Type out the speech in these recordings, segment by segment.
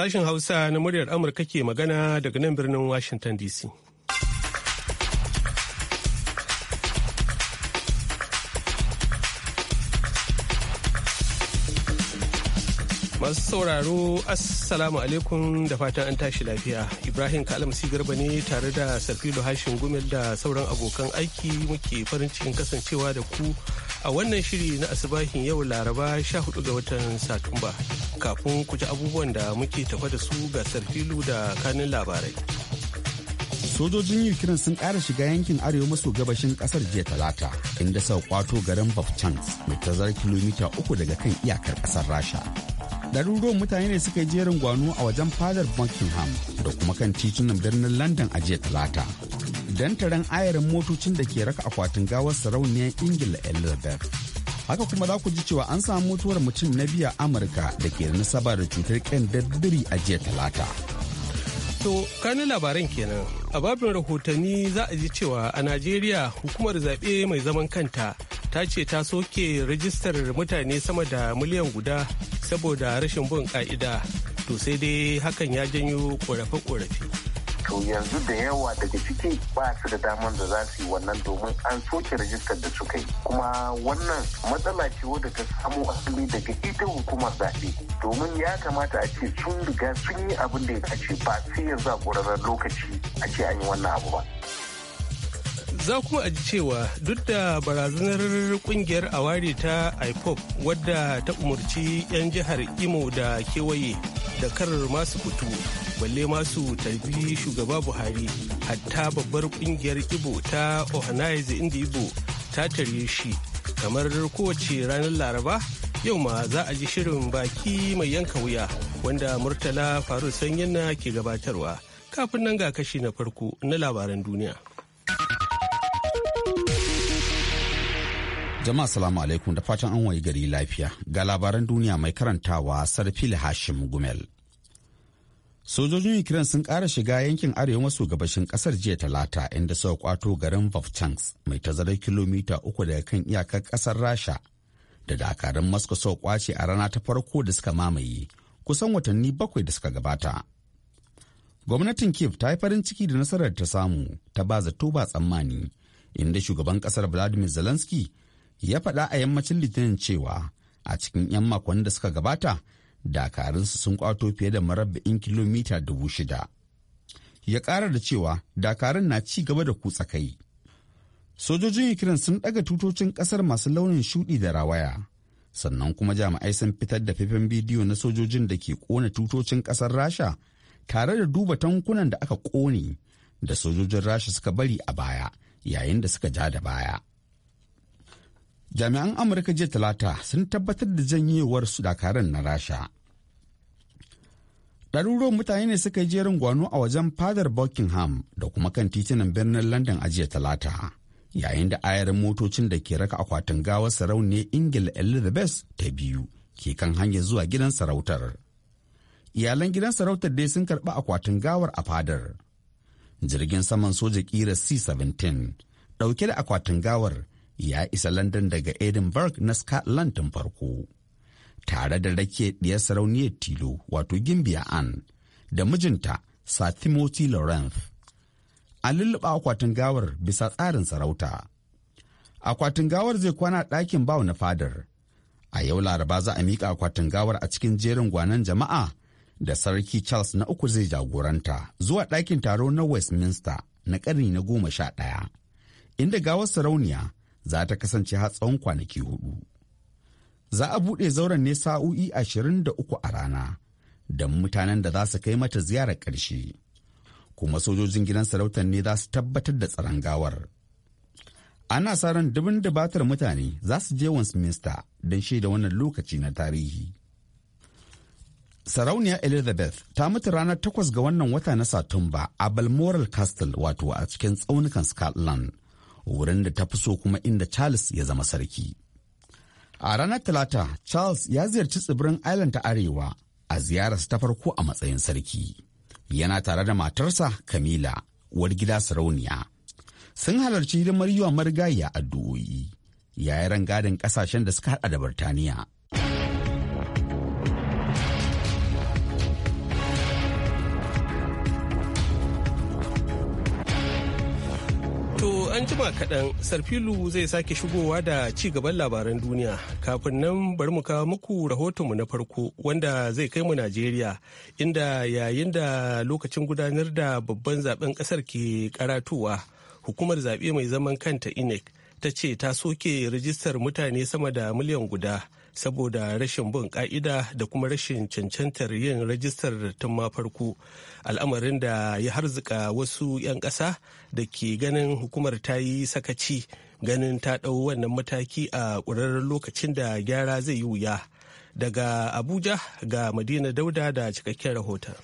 Sashen Hausa na muryar Amurka ke magana daga nan birnin Washington DC. Masu sauraro, Assalamu alaikum da fatan an tashi lafiya. Ibrahim Kalamsi Garba ne tare da Sarfilo Hashin Gumel da sauran abokan aiki muke farin cikin kasancewa da ku. a wannan shiri na asibahin yau laraba 14 ga watan satumba kafin ku ji abubuwan da muke tafa da su ga sarfilu da kanin labarai sojojin ukraine sun ƙara shiga yankin arewa maso gabashin ƙasar jiya talata inda sau kwato garin bafchans mai tazar kilomita uku daga kan iyakar ƙasar rasha ɗaruruwan mutane ne suka yi jerin gwano a wajen fadar buckingham da kuma kan titunan birnin london a jiya talata don taron ayarin motocin da ke raka akwatin gawar sarauniyar ingila elizabeth haka kuma za ku ji cewa an samu mutuwar mutum na biya amurka da ke nasaba da cutar ƙyandaddiri a jiya talata To, kanin labaran kenan. A babin rahotanni za a ji cewa a Najeriya hukumar zaɓe mai zaman kanta ta ce ta soke rajistar mutane sama da miliyan guda saboda rashin bin ƙa'ida. To sai dai hakan ya janyo ƙorafe-ƙorafe. to yanzu da yawa daga ciki ba su da damar da za su yi wannan domin an soke rajistar da suka yi kuma wannan matsala ce wadda ta samo asali daga ita hukumar zaɓe domin ya kamata a ce sun riga sun yi abin da ya kace ba sai yanzu a ƙwararren lokaci a ce an yi wannan abu ba. za kuma a ji cewa duk da barazanar kungiyar ware ta ipop wadda ta umarci 'yan jihar imo da kewaye da karar masu fito balle masu tarbi shugaba buhari hatta babbar kungiyar ibo ta ohanaize inda ibo ta tare shi kamar kowace ranar laraba yau ma za a ji shirin baki mai yanka wuya wanda murtala faru sanyin ke gabatarwa kafin nan ga kashi na farko na labaran duniya Jama'a salamu alaikum da fatan an wayi gari lafiya ga labaran duniya mai karantawa Sarfil Hashim Gumel. Sojojin Ukraine sun ƙara shiga yankin arewa maso gabashin ƙasar jiya talata inda suka kwato garin Vovchansk mai tazarar kilomita uku daga kan iyakar ƙasar Rasha da dakarun Moscow suka kwace a rana ta farko da suka mamaye kusan watanni bakwai da suka gabata. Gwamnatin Kiev ta yi farin ciki da nasarar ta samu ta ba zato ba tsammani inda shugaban ƙasar Vladimir Zelensky ya faɗa a yammacin litinin cewa a cikin 'yan makonnin da suka gabata dakarunsu sun kwato fiye da marabba'in kilomita dubu shida. Ya ƙara da cewa dakarun na ci gaba da kutsa kai. Sojojin Ukraine sun ɗaga tutocin ƙasar masu launin shuɗi da rawaya. Sannan kuma jami'ai sun fitar da faifan bidiyo na sojojin da ke ƙona tutocin ƙasar Rasha tare da duba tankunan da aka ƙone da sojojin Rasha suka bari a baya yayin da suka ja da baya. jami'an amurka jiya talata sun tabbatar da janyewar su dakaran na rasha ɗaruruwan mutane ne suka yi jerin gwano a wajen fadar buckingham da kuma kan titunan birnin london a jiya talata yayin da ayarin motocin da ke raka akwatin gawar Sarauniya, ingila elizabeth ta biyu ke kan hanyar zuwa gidan sarautar iyalan gidan sarautar dai sun karɓi akwatin gawar a fadar jirgin saman soja kira c-17 ɗauke da akwatin gawar ya isa London daga Edinburgh na Scotland tun farko. Tare da rake ɗiyar sarauniyar tilo wato Gimbiya Ann da mijinta Sir Timothy Lorenz. A lulluɓa akwatin gawar bisa tsarin sarauta. Akwatin gawar zai kwana ɗakin bawa na fadar. A yau Laraba za a miƙa akwatin gawar a cikin jerin gwanan jama'a da Sarki Charles na uku zai jagoranta zuwa ɗakin taro na Westminster na ƙarni na goma sha ɗaya. Inda gawar sarauniya za ta kasance har tsawon kwanaki hudu. Za a buɗe zauren ne sa'o'i ashirin da uku a rana don mutanen da za su kai mata ziyarar ƙarshe. Kuma sojojin gidan sarautar ne za su tabbatar da tsaron gawar. Ana sa ran dubin dubatar mutane za su je Minista don shaida wannan lokaci na tarihi. Sarauniya Elizabeth ta mutu ranar takwas ga wannan wata na Satumba a Balmoral Castle wato a cikin tsaunukan Scotland. wurin da ta fi so kuma inda Charles ya zama sarki. A ranar Talata, Charles ya ziyarci tsibirin Island ta Arewa a ziyararsa ta farko a matsayin sarki. Yana tare da matarsa Camilla, uwar gida sarauniya. Sun halarci hidimar yiwa a addu'o'i, yayin rangadin ƙasashen da suka hada da Birtaniya jima kaɗan sarfilu zai sake shigowa da ci gaban labaran duniya kafin nan bari mu kawo muku rahotonmu na farko wanda zai kai mu najeriya inda yayin da lokacin gudanar da babban zaben ƙasar ke karatuwa hukumar zaɓe mai zaman kanta inec ta ce ta soke rijistar mutane sama da miliyan guda saboda rashin bin ka'ida da kuma rashin cancantar yin rajistar tun ma farko al'amarin da ya harzika wasu 'yan ƙasa da ke ganin hukumar ta yi sakaci ganin ta ɗau wannan mataki a ƙurarren lokacin da gyara zai yi wuya daga abuja ga madina dauda da cikakken rahoton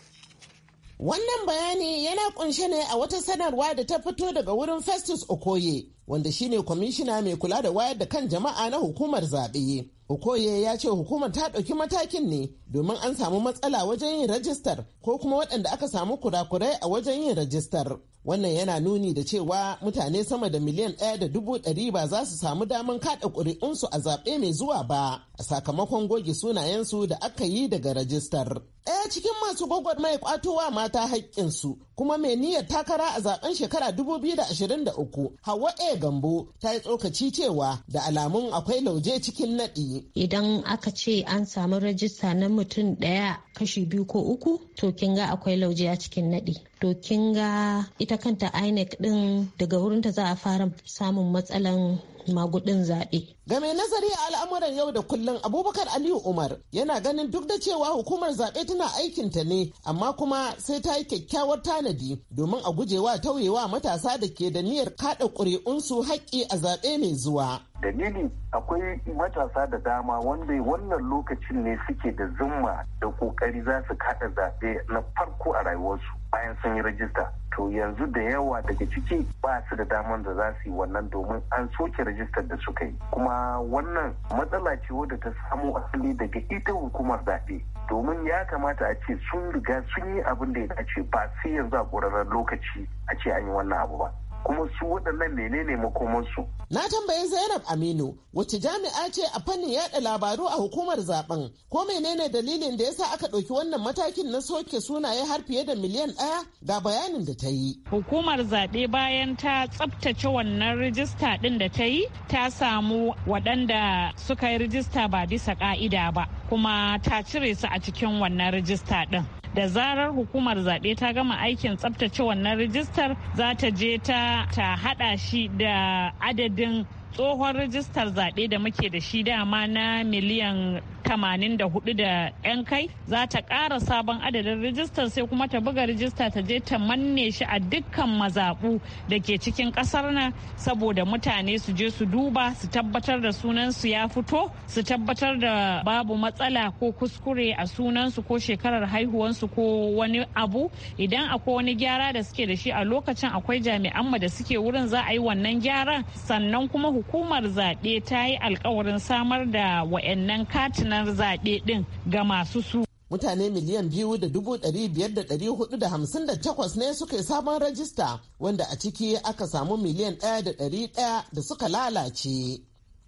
Wannan bayani yana kunshe ne a wata sanarwa da ta fito daga wurin Festus Okoye, wanda shine kwamishina mai kula da wayar da kan jama'a na hukumar zaɓe. Okoye ya ce hukumar ta ɗauki matakin ne domin an samu matsala wajen yin rajistar ko kuma waɗanda aka samu kurakurai a wajen yin rajistar. wannan yana nuni da cewa mutane sama da miliyan ɗaya da dubu ɗari ba za su samu damar kaɗa ƙuri'unsu a zaɓe mai zuwa ba a sakamakon goge sunayensu da aka yi daga rajistar ɗaya cikin masu mai ƙwatowa mata haƙƙinsu kuma mai niyyar takara a zaben shekara 2023 hawa a gambo ta yi tsokaci cewa da alamun akwai lauje cikin naɗi idan aka ce an samu rajista na mutum ɗaya kashi biyu ko uku to kin ga akwai lauje a cikin naɗi to kin ga ita ita kanta inec ɗin daga wurinta za a fara samun matsalan magudin zaɓe. game nazari a al'amuran yau da kullum Abubakar Aliyu Umar yana ganin duk da cewa hukumar zaɓe tana aikinta ne amma kuma sai ta yi kyakkyawar tanadi domin a gujewa tauyewa matasa da ke da niyyar kaɗa ƙuri'unsu haƙƙi a zaɓe mai zuwa. dalili akwai matasa da dama wanda wannan lokacin ne suke da zumma da ƙoƙari za su kada zaɓe na farko a rayuwarsu bayan sun yi rajista to yanzu da yawa daga ciki ba su da daman da za su yi wannan domin an soke rajistar da suka yi kuma wannan matsala ce wadda ta samo asali daga ita hukumar zaɓe domin ya kamata a ce sun riga sun yi abin da ya dace ba sai yanzu a ƙwararren lokaci a ce an yi wannan abu ba kuma su waɗannan menene makomansu. Na tambayi Zainab Aminu wacce jami'a ce a fannin yaɗa labaru a hukumar zaben ko menene dalilin da yasa aka ɗauki wannan matakin na soke sunaye har fiye da miliyan ɗaya ga bayanin da ta yi. Hukumar zaɓe bayan ta tsabtace wannan rijista ɗin da ta yi ta samu waɗanda suka yi rijista ba bisa ƙa'ida ba kuma ta cire su a cikin wannan rijista ɗin. da zarar hukumar zaɓe ta gama aikin tsabtace wannan rijistar za ta je ta haɗa shi da adadin tsohon rijistar zaɓe da muke da shi dama na miliyan 84 da 'yan kai za ta ƙara sabon adadin rijistar sai kuma ta buga rijista ta je ta manne shi a dukkan mazaɓu da ke cikin ƙasar nan saboda mutane su je su duba su tabbatar da sunansu ya fito su tabbatar da babu matsala ko kuskure a sunansu ko shekarar haihuwansu ko wani abu idan akwai wani gyara da suke da shi a lokacin akwai jami'an da suke wurin za a yi wannan gyaran sannan kuma hukumar zaɓe ta yi alkawarin samar da wa'annan katina ranar zaɓe ɗin ga masu su. Mutane miliyan biyu da dubu ɗari biyar da ɗari hudu da hamsin da takwas ne suka yi sabon rajista wanda a ciki aka samu miliyan ɗaya da ɗari ɗaya da suka lalace.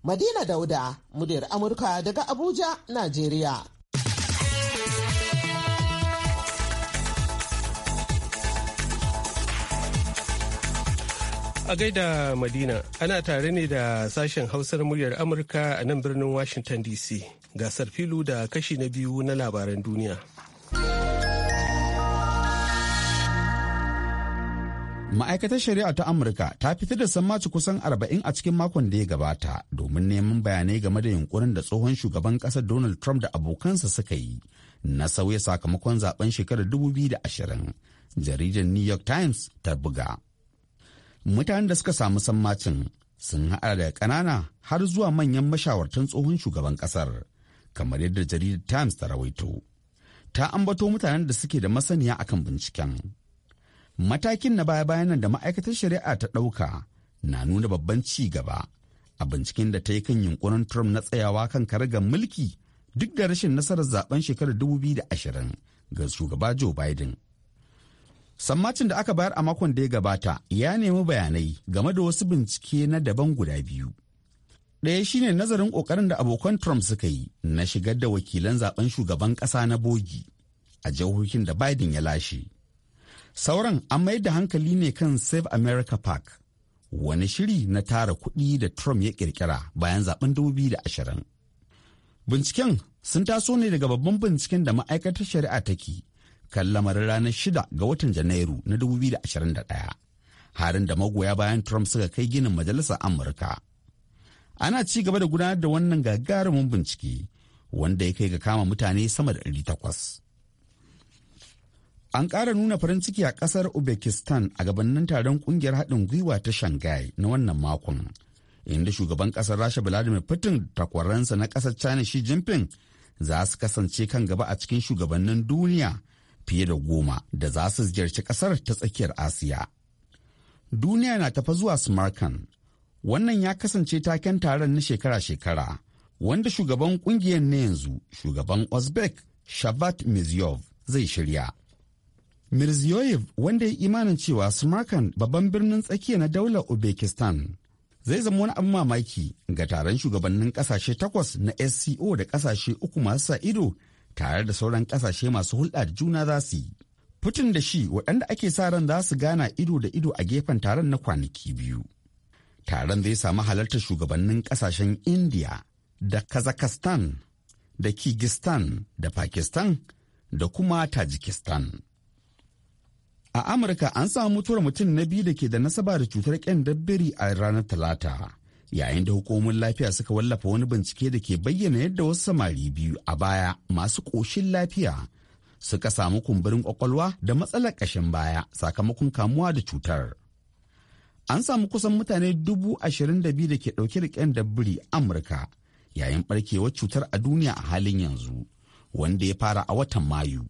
Madina Dauda, muryar Amurka daga Abuja, Najeriya. a gaida madina ana tare ne da sashen hausar muryar amurka a nan birnin washington dc gasar filu da kashi na biyu na labaran duniya ma'aikatar shari'a ta amurka ta fitar da sammaci kusan arba'in a cikin makon da ya gabata domin neman bayanai game da yunkurin da tsohon shugaban kasar donald trump da abokansa suka yi na sauya sakamakon zaben shekarar 2020 jaridar new york times ta buga mutanen da suka samu sammacin sun haɗa da ƙanana har zuwa manyan mashawartan tsohon shugaban ƙasar kamar yadda jaridar times ta rawaito ta ambato mutanen da suke da masaniya akan binciken matakin na baya-bayan nan da ma'aikatar shari'a ta ɗauka na nuna babban ci gaba a binciken da ta yi kan yunkurin trump na tsayawa kan karagar mulki duk da rashin nasarar zaben shekarar 2020 ga shugaba joe biden sammacin da aka bayar a makon da ya gabata ya nemi bayanai game da wasu bincike na daban guda biyu ɗaya shine nazarin ƙoƙarin da abokan trump suka yi na shigar da wakilan zaben shugaban ƙasa na bogi a jihohin da biden ya lashe sauran an mayar da hankali ne kan save america park wani shiri na tara kuɗi da trump ya ƙirƙira bayan zaben 2020 binciken sun taso ne daga babban binciken da ma'aikatar shari'a take kan lamarin ranar shida ga watan janairu na 2021 harin da magoya bayan trump suka kai ginin majalisar amurka ana ci gaba da gudanar da wannan gagarumin bincike wanda ya kai ga kama mutane sama da 800 an ƙara nuna farin ciki a ƙasar uzbekistan a gabanin taron ƙungiyar haɗin gwiwa ta shanghai na wannan makon inda shugaban ƙasar rasha vladimir putin takwaransa na ƙasar china shi jinping za su kasance kan gaba a cikin shugabannin duniya fiye da goma da za su ziyarci kasar ta tsakiyar asiya duniya na tafa zuwa smarkan wannan ya kasance taken taron na shekara-shekara wanda shugaban kungiyar na yanzu shugaban uzbek shabat mirziyov zai shirya mirziyoyev wanda ya imanin cewa smarkan babban birnin tsakiya na daular uzbekistan zai zama wani abin mamaki ga taron shugabannin kasashe takwas na sco da kasashe uku masu sa ido tare da sauran kasashe masu hulɗa da juna za su yi. Putin da shi waɗanda ake sa ran za su gana ido da ido a gefen taron na kwanaki biyu. Taron zai samu halartar shugabannin ƙasashen India da Kazakhstan da Kyrgyzstan da Pakistan da kuma Tajikistan. A Amurka an samu mutuwar mutum na biyu da ke da nasaba da cutar ƙyan dabbiri a ranar Talata. yayin da hukumomin lafiya suka wallafa wani bincike da ke bayyana yadda wasu samari biyu a baya masu ƙoshin lafiya suka samu kumburin kwakwalwa da matsalar ƙashin baya sakamakon kamuwa da cutar. An samu kusan mutane dubu ashirin da biyu da ke ɗauke da ƙyan dabbiri Amurka yayin ɓarkewar cutar a duniya a halin yanzu wanda ya fara a watan Mayu.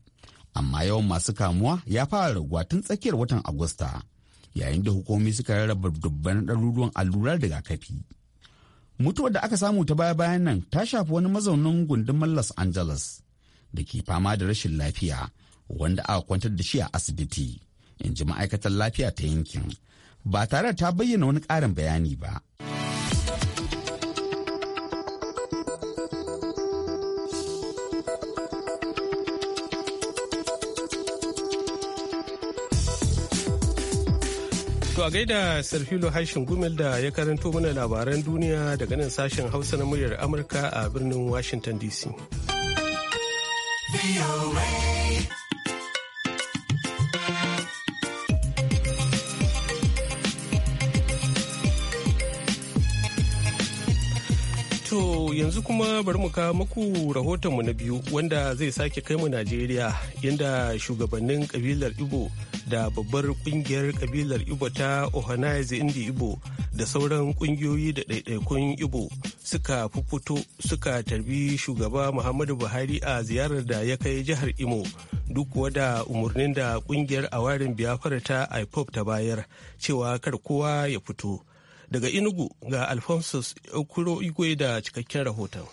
Amma yawan masu kamuwa ya fara raguwa tun tsakiyar watan Agusta. yayin da hukumomi suka rarraba dubban ɗaruruwan allurar rigakafi. Mutuwar da aka samu ta baya-bayan nan ta shafi wani mazaunin gundumar Los Angeles da ke fama da rashin lafiya wanda aka kwantar da shi a asibiti, in ji ma'aikatar lafiya ta yankin, ba tare ta bayyana wani ƙarin bayani ba. To a gaida Sarfilo Haishin Gumel da ya karanto mana labaran duniya daga nan sashen Hausa na muryar Amurka a birnin Washington DC. yanzu kuma bari mu kawo muku mu na biyu wanda zai sake kai mu Najeriya inda shugabannin kabilar Igbo da babbar kungiyar kabilar Igbo ta organize Indi Igbo da sauran kungiyoyi da ɗaiɗaikun Igbo suka fito suka tarbi shugaba Muhammadu Buhari a ziyarar da ya kai jihar Imo duk wada umarnin da kungiyar awarin biyafar ta IPOP ta bayar cewa kar kowa ya fito. Daga Inugu ga Alphonsus Okuro Igwe da cikakken rahoton.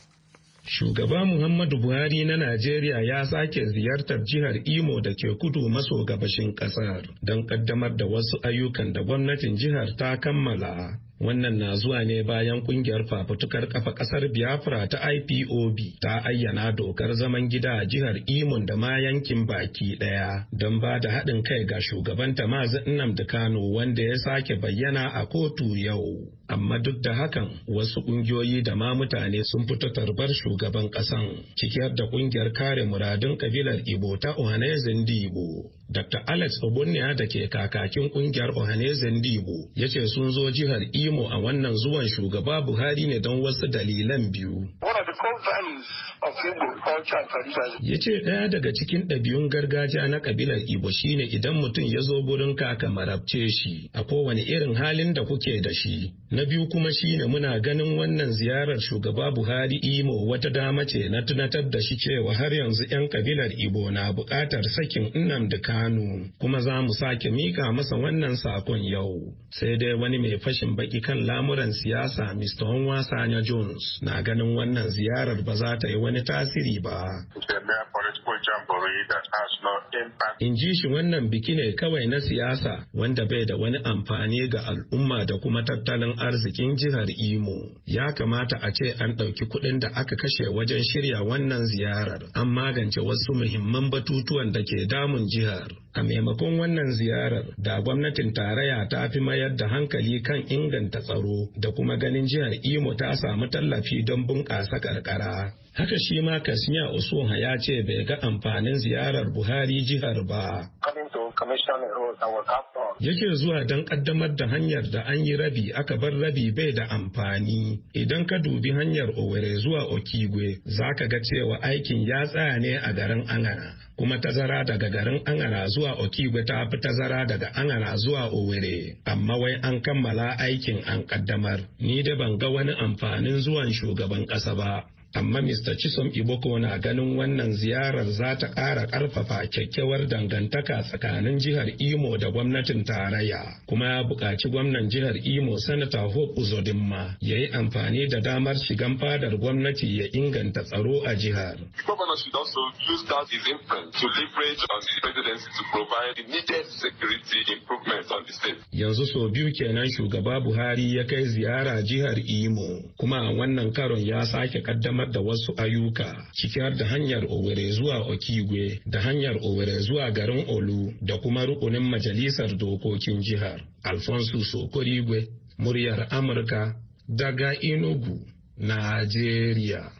Shugaba Muhammadu Buhari na Najeriya ya sake ziyartar jihar Imo da ke kudu maso gabashin kasar don kaddamar da wasu ayyukan da gwamnatin jihar ta kammala Wannan na zuwa ne bayan kungiyar fafutukar kafa kasar Biafra ta IPOB ta ayyana dokar zaman gida a jihar Imon da ma yankin baki daya don ba da haɗin kai ga shugaban tamazin Nnamdi Kano wanda ya sake bayyana a kotu yau. amma duk da hakan wasu ƙungiyoyi da ma mutane sun fito tarbar shugaban ƙasan cikiyar da ƙungiyar kare muradun kabilar Ibo ta Ohanezen Dibo. Dr. Alex Obunia da ke kakakin ƙungiyar Ohanezen Dibo ya ce sun zo jihar Imo a wannan zuwan shugaba Buhari ne don wasu dalilan biyu. Ya ce ɗaya daga cikin ɗabi'un gargajiya na kabilar Ibo shine idan mutum ya zo gurin kaka marabce shi a kowane irin halin da kuke da shi. Na biyu kuma shine muna ganin wannan ziyarar shugaba Buhari Imo wata dama ce na tunatar da shi cewa har yanzu 'yan kabilar Ibo na buƙatar sakin Nnamdi Kanu kuma za mu sake mika masa wannan sakon yau. Sai dai wani mai fashin baki kan lamuran siyasa Mr. Onwasanya Jones na ganin wannan ziyarar ba za ta yi wani tasiri ba. In ji shi wannan biki ne kawai na siyasa wanda bai da wani amfani ga al'umma da kuma tattalin arzikin jihar Imo. Ya kamata a ce an ɗauki kuɗin da aka kashe wajen shirya wannan ziyarar, an magance wasu muhimman batutuwan da ke damun jihar. A maimakon wannan ziyarar da gwamnatin tarayya ta fi mayar da hankali kan inganta tsaro da kuma ganin jihar Imo ta samu tallafi don bunƙasa karkara. Haka shi ma Kasmiya Usuha ya ce bai ga amfanin ziyarar Buhari jihar ba. Yake zuwa don ƙaddamar da hanyar da an yi rabi aka bar rabi bai da amfani. Idan ka dubi hanyar owere zuwa Okigwe za ka ga cewa aikin ya tsaya ne a garin Angara. Kuma tazara daga garin Angara zuwa Okigwe ta fi tazara daga Angara zuwa owere Amma wai an kammala aikin an ƙaddamar. Ni da ban ga wani amfanin zuwan shugaban ƙasa ba. amma Mr. Chisom Iboko na ganin wannan ziyarar za ta ƙara ƙarfafa kyakkyawar dangantaka tsakanin jihar Imo da gwamnatin tarayya kuma ya buƙaci gwamnan jihar Imo Sanata Hope Uzodinma ya yi amfani da damar shigan fadar gwamnati ya inganta tsaro a jihar. Governor should also Yanzu so biyu kenan shugaba Buhari ya kai ziyara jihar Imo kuma wannan karon ya sake kaddamar samar da wasu ayyuka ciki har da hanyar Owerri zuwa Okigwe da hanyar Owerri zuwa garin Olu da kuma rukunin majalisar dokokin jihar. Alfonso Sokorigwe, muryar Amurka daga inugu Najeriya.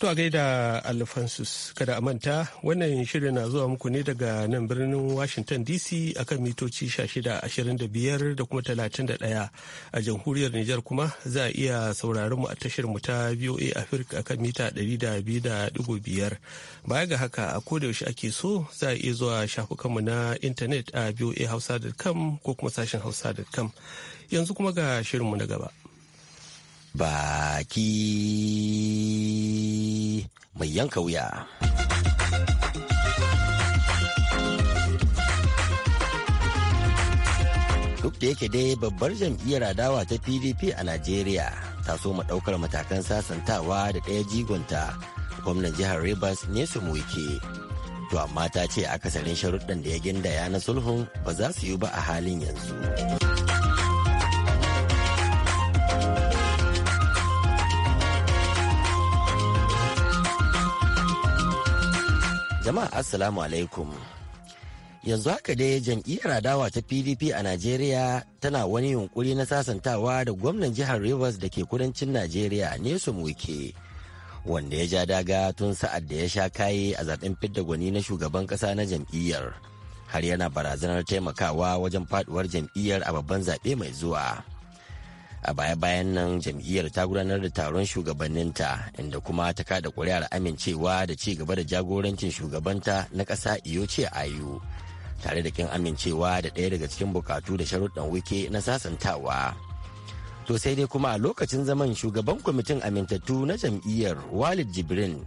To a gaida alfonsus kada a manta wannan shirin na zuwa muku ne daga nan birnin Washington DC akan mitoci 1625 da kuma 31 a jamhuriyar Nijar kuma za a iya sauraron mu a tashar mu ta VOA Africa akan mita 200.5 baya ga haka a koda yaushe ake so za a iya zuwa shafukan mu na intanet a voahausa.com ko kuma sashen hausa.com yanzu kuma ga shirin mu na gaba. baki mai yanka wuya. Duk da yake dai babbar jam'iyyar adawa ta PDP a Najeriya ta so ɗaukar matakan sasantawa da ɗaya jigonta gwamnan jihar Rivers su Wike. To amma ta ce akasarin sharuɗɗan da ya gindaya na sulhun ba za su yi ba a halin yanzu. Jama'a Assalamu alaikum. Yanzu haka dai jam'iyyar adawa ta PDP a Najeriya tana wani yunkuri na sasantawa da gwamnan jihar Rivers da ke kudancin Najeriya Nyesom Wike. Wanda ya ja daga tun sa'ad da ya sha kayi a zaben fidda gwani na shugaban ƙasa na jam'iyyar. Har yana barazanar taimakawa wajen faɗuwar jam'iyyar a babban zaɓe mai zuwa. a baya-bayan nan jam'iyyar ta gudanar da taron shugabanninta inda kuma ta kada kuri'ar amincewa da ci gaba da jagorancin shugabanta na ƙasa iyoce ayu tare da kin amincewa da ɗaya daga cikin bukatu da sharuɗan wike na sasantawa to sai dai kuma a lokacin zaman shugaban kwamitin amintattu na jam'iyyar walid jibrin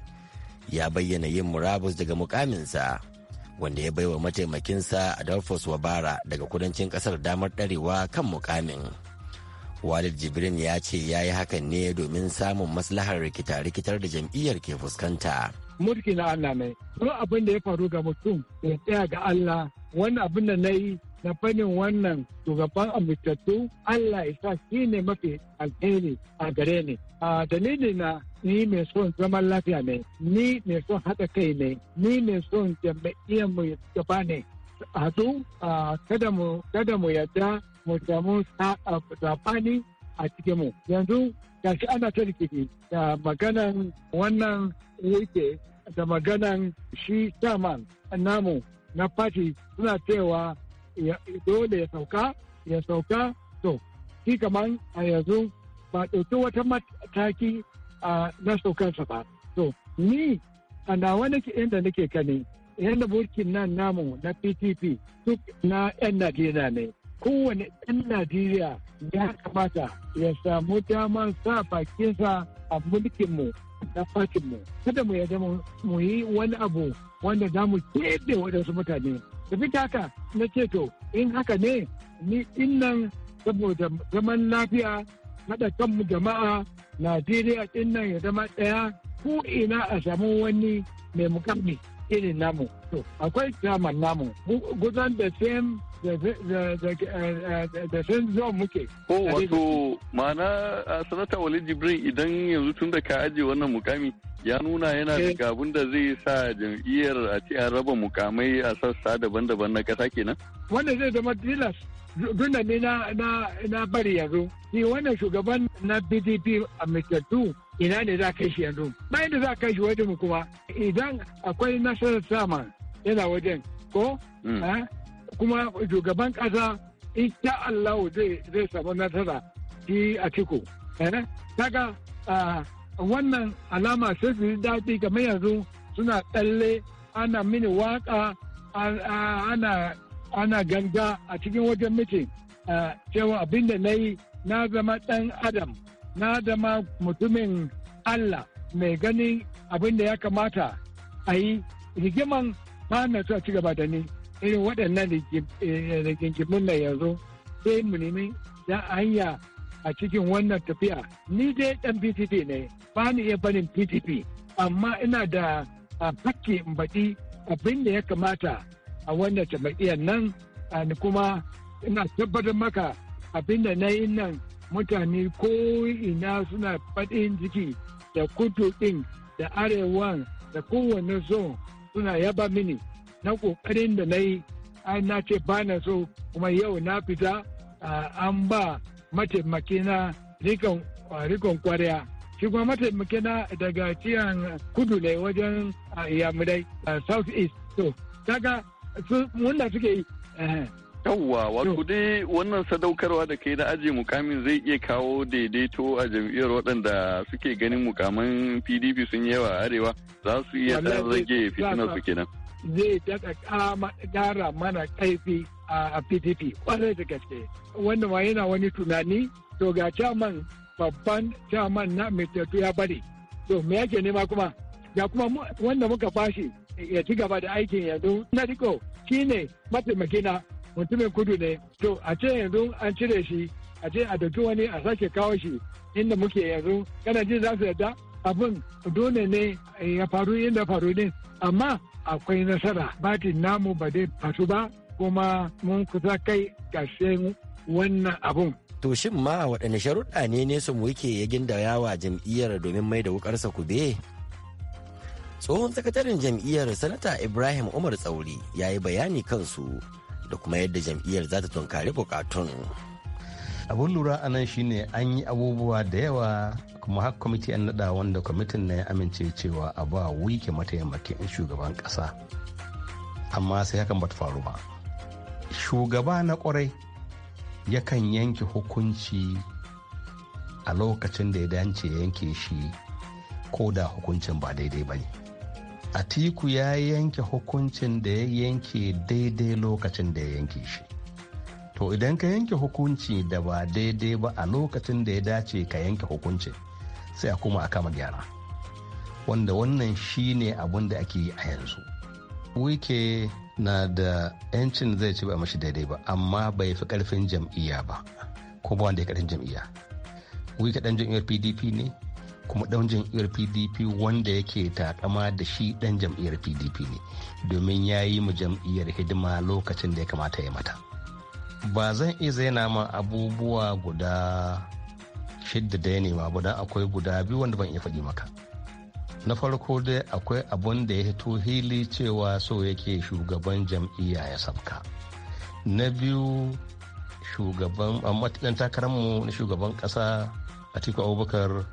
ya bayyana yin murabus daga mukaminsa wanda ya baiwa mataimakinsa adolphus wabara daga kudancin kasar damar ɗarewa kan mukamin walid jibrin ya ce ya yi hakan ne domin samun maslahar rikita-rikitar da jam'iyyar ke fuskanta mulki na allah ne duk abin da ya faru ga mutum ya tsaya ga allah wani abin da na yi na fannin wannan shugaban amintattu allah ya sa shi ne mafi alheri a gare ni a dalili na ni mai son zaman lafiya ne ni mai son haɗa kai ne ni mai son jam'iyyar mu gaba ne haɗu kada mu yadda mu samu saɓani a cikin mu yanzu shi ana ta rikici da maganan wannan yake da maganan shi saman namu na fati suna cewa dole ya sauka ya sauka to shi kaman a yanzu ba ɗauki wata mataki na saukansa ba to ni a nawa nake inda nake kani. yan burkin nan namu na ptp duk na yan najeriya ne kowane yan najeriya ya kamata ya samu daman sa bakinsa a mulkinmu na fatinmu kada mu yarda mu yi wani abu wanda za mu keɓe waɗansu mutane tafi haka na ce to in haka ne ni innan saboda zaman lafiya haɗa kanmu jama'a najeriya ɗin nan ya zama ɗaya ko ina a samu wani mai mukami irin namu akwai naman namu gudan da same da sun zuwa muke. Ko wato ma'ana a uh, sanata wale Jibrin idan yanzu tun da ka ajiye wannan mukami ya nuna yana eh. da gabun da zai sa jam'iyyar a ci an raba mukamai a sassa daban-daban na ƙasa kenan. Wanda zai zama tilas tunda ne na na bari yanzu ni wannan shugaban na PDP a mitattu ina ne za kai shi yanzu bayan da za kai shi wajen kuma idan akwai nasarar sama yana wajen ko mm. eh? kuma shugaban kasa insha Allah zai zai samu nasara shi a ciko eh? kaga ah, wannan alama sai su yi daɗi kamar yanzu suna tsalle ana mini waka ana ana ganga a cikin wajen mitin cewa abin da na yi na zama ɗan adam na zama mutumin allah mai ganin abin da ya kamata a yi rigiman ba na so ci gaba da ni irin waɗannan eh, rigingimin na yanzu sai mu nemi da hanya a cikin wannan tafiya ni dai ɗan ptp ne ba ni iya barin ptp amma ina da baki in baɗi abin da ya kamata a wannan jama'iyyar nan kuma ina tabbatar maka abin da na yi nan mutane ko ina suna faɗin jiki da kudu ɗin da arewan da kowane zon suna yaba mini na ƙoƙarin da na yi na ce ba na so kuma yau na fita an ba mataimakina rikon kwarya shi kuma mataimakina daga ciyan kudu ne wajen yamurai south east to daga wanda suke yi yawwa wato dai wannan sadaukarwa da kai na ajiye mukamin zai iya kawo daidaito a jam'iyyar waɗanda suke ganin mukaman pdp sun yi yawa arewa za su iya ɗan rage fitinar su kenan zai daga ƙara mana kaifi a pdp ƙwarai da gaske Wannan ma yana wani tunani to ga caman babban caman na mai ya bari to me yake nema kuma ga kuma wanda muka bashi ya ci gaba da aikin yanzu na riko shine mataimakina mutumin kudu ne to a ce yanzu an cire shi a ce a dauki wani a sake kawo shi inda muke yanzu kana ji za su yadda abin dole ne ya faru inda faru ne amma akwai nasara batin namu ba dai fasu ba kuma mun kusa kai ƙarshen wannan abun to shin ma waɗanne sharuɗa ne ne su yake ya yawa jam'iyyar domin mai da wukarsa kube tsohon sakataren jam'iyyar sanata ibrahim umar tsauri ya yi bayani kansu da kuma yadda jam'iyyar za ta tunkari bukatun abun lura a nan shine an yi abubuwa da yawa kuma har kwamiti an nada wanda kwamitin na ya amince cewa a ba wike mataimakin shugaban kasa amma sai hakan bata faru ba shugaba na kwarai yakan yanke hukunci a lokacin da ya dace yanke shi ko da hukuncin ba daidai ba ne atiku ya yanke hukuncin da ya yanke daidai lokacin da ya yanke shi to idan ka yanke hukunci da ba daidai ba a lokacin da ya dace ka yanke hukuncin sai a kuma a kama gyara wanda wannan shi ne abin da ake yi a yanzu wike na da 'yancin zai ci ba mashi daidai ba amma bai fi karfin jam'iyya ba ko ba wanda ya karfin jam'iyya wike dan jam'iyyar pdp ne kuma ɗan jam'iyyar pdp wanda yake takama da shi ɗan jam'iyyar pdp ne domin ya yi mu jam'iyyar hidima lokacin da ya kamata ya mata ba zan iya zaina ma abubuwa guda shidda da ya nema ba don akwai guda biyu wanda ban iya faɗi maka na farko dai akwai abun da ya hito hili cewa so yake shugaban jam'iyya ya sabka na biyu shugaban matakan takararmu na shugaban ƙasa a atiku abubakar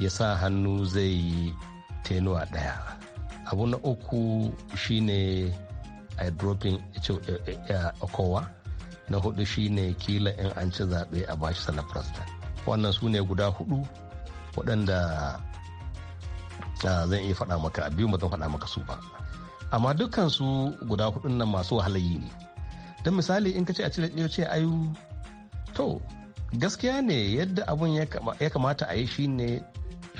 ya sa hannu zai yi tenuwa ɗaya abu na uku shine a dropping eh, eh, eh, kowa na hudu shine kila in an ci zaɓe a bashi sana wannan su ne guda hudu waɗanda ah, zan iya faɗa maka biyu ba zan faɗa maka su ba amma dukkan su guda hudun nan masu wahalayi ne don misali in ka ce a cire ɗaya ce ayu to gaskiya ne yadda abun ya kamata a yi shine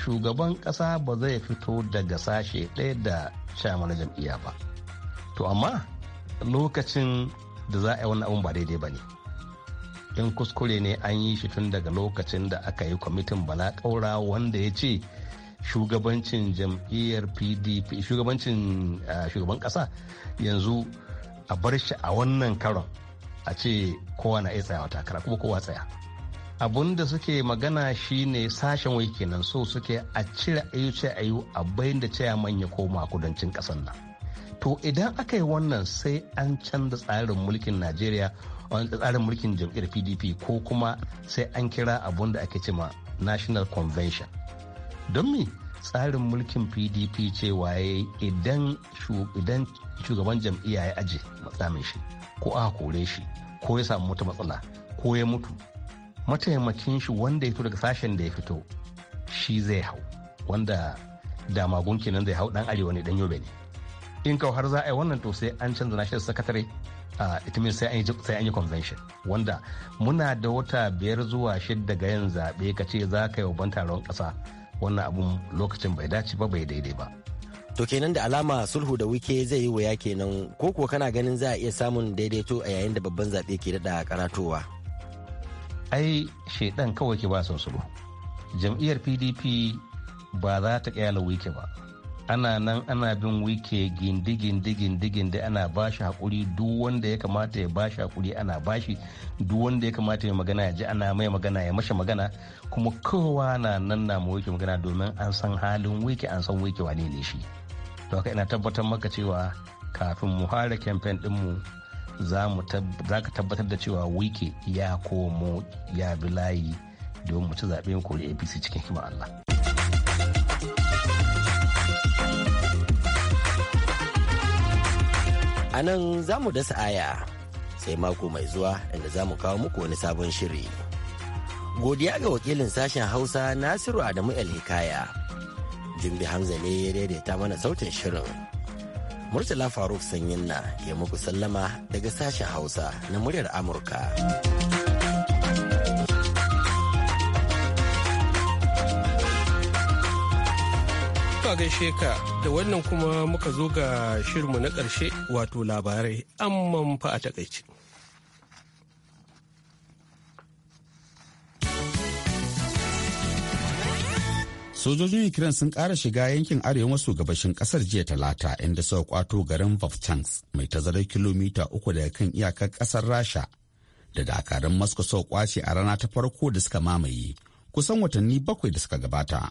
shugaban ƙasa ba zai fito daga sashe ɗaya da shamar jam'iyya ba to amma lokacin da za a yi wani abun ba daidai ba ne in kuskure ne an yi shi tun daga lokacin da aka yi kwamitin bala ƙaura wanda ya ce shugabancin jam'iyyar pdp shugabancin shugaban ƙasa yanzu a bar shi a wannan karon a ce kowa na iya tsayawa takara kuma kowa tsaya abun da suke magana shine sashen wai kenan so suke a cire ayu ce ayu a bayan da ce ya koma kudancin kasar nan to idan aka yi wannan sai an canza tsarin mulkin najeriya tsarin mulkin jam'iyyar pdp ko kuma sai an kira abun da ake cima national convention don me tsarin mulkin pdp ce waye idan shugaban jam'iyya ya aje matsamin shi ko aka kore shi ko ya samu wata matsala ko ya mutu mataimakin shi wanda ya fito daga sashen da ya fito shi zai hau wanda da magun kenan zai hau dan arewa ne dan yobe ne in kawo har za a yi wannan to sai an canza national sakatare a itimin sai an yi convention wanda muna da wata biyar zuwa shidda ga yin zaɓe ka ce za ka yi babban taron ƙasa wannan abun lokacin bai dace ba bai daidai ba to kenan da alama sulhu da wike zai yi wuya kenan ko kuwa kana ganin za a iya samun daidaito a yayin da babban zaɓe ke daɗa karatowa ai shaidan kawai ke ba su jam'iyyar pdp ba za ta kyala wike ba ana nan ana bin wike gindi gindi gindi gindi ana ba shi hakuri duk wanda ya kamata ya ba shi hakuri ana ba shi duk wanda ya kamata ya magana ya ji ana mai magana ya mashi magana kuma kowa na nan na mu wike magana domin an san halin wike an san wike wane ne shi to ina tabbatar maka cewa kafin mu fara kamfen dinmu za ka tabbatar da cewa wike ya komo ya bi layi domin mu ci zaɓen kori apc cikin hima allah a nan za mu dasa aya sai mako mai zuwa inda za mu kawo muku wani sabon shiri godiya ga wakilin sashen hausa nasiru adamu el hikaya jimbi hamza ne ya daidaita mana sautin shirin Murtala Faruk Sanyin na ke muku sallama daga sashen Hausa na muryar Amurka. Ka gaishe ka da wannan kuma muka zo ga shirmu na ƙarshe wato labarai amman fa a takaici. sojojin ukraine sun ƙara shiga yankin arewa maso gabashin ƙasar jiya talata inda suka kwato garin vovchanks mai tazarar kilomita uku daga kan iyakar ƙasar rasha da dakarun moscow suka kwace a rana ta farko da suka mamaye kusan watanni bakwai da suka gabata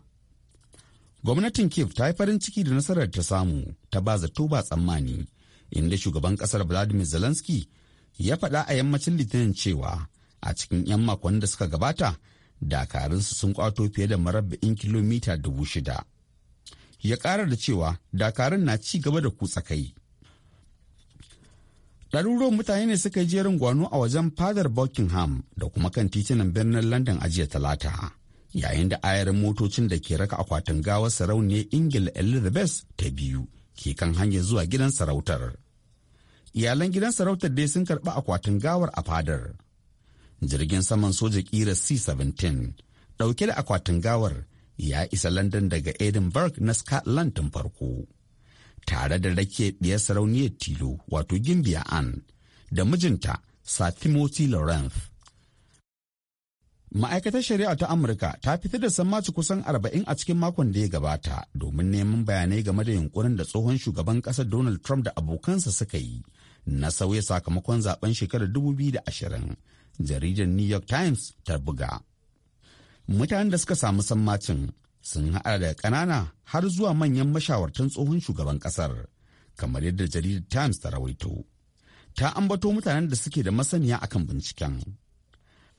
gwamnatin kiev ta yi farin ciki da nasarar ta samu ta ba zato ba tsammani inda shugaban ƙasar vladimir zelensky ya faɗa a yammacin litinin cewa a cikin 'yan makon da suka gabata dakarunsu sun kwato fiye da marabba'in kilomita dubu shida. Ya ƙara da cewa dakarun na ci gaba da kutsa kai. Ɗaruruwan mutane ne suka yi jerin gwano a wajen fadar Buckingham da kuma kan titunan birnin London a jiya talata. Yayin da ayarin motocin da ke raka akwatin gawar sarauniya Ingila Elizabeth ta biyu ke kan hanyar zuwa gidan sarautar. Iyalan gidan sarautar dai sun karɓi akwatin gawar a fadar. jirgin saman soja kira c-17 dauke da akwatin gawar ya isa london daga edinburgh na scotland tun farko tare da rake ɗiyar sarauniyar tilo wato gimbiya an da mijinta sir timothy lawrence ma'aikatar shari'a ta amurka ta fitar da sammaci kusan arba'in a cikin makon da ya gabata domin neman bayanai game da yunkurin da tsohon shugaban ƙasar donald trump da abokansa suka yi na sauya sakamakon zaben shekarar 2020 jaridar New York Times ta buga. Mutanen da suka samu sammacin sun haɗa da ƙanana har zuwa manyan mashawartan tsohon shugaban ƙasar, kamar yadda jaridar Times ta rawaito. Ta ambato mutanen da suke da masaniya akan binciken.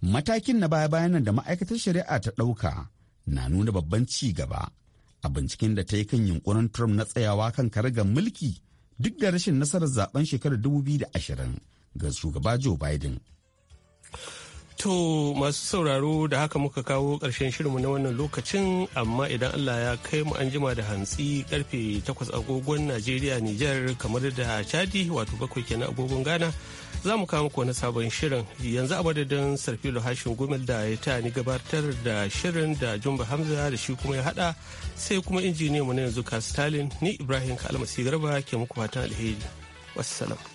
Matakin na baya-bayan da ma'aikatar shari'a ta ɗauka na nuna babban ci gaba a binciken da ta yi kan yunkurin Trump na tsayawa kan karagar mulki duk da rashin nasarar zaben shekarar 2020 ga shugaba Joe Biden To masu sauraro da haka muka kawo ƙarshen shirinmu na wannan lokacin amma idan Allah ya kai mu anjima da hantsi karfe 8 agogon Najeriya Nijar kamar da Chadi wato bakwai kenan agogon Ghana za mu kawo muku wani sabon shirin yanzu a madadin Sarfilo Hashin Gumel da ya ta ni gabatar da shirin da Jumba Hamza da shi kuma ya hada sai kuma injiniyan mu na yanzu Ka Stalin ni Ibrahim Kalmasi Garba ke muku fatan alheri. Wassalam.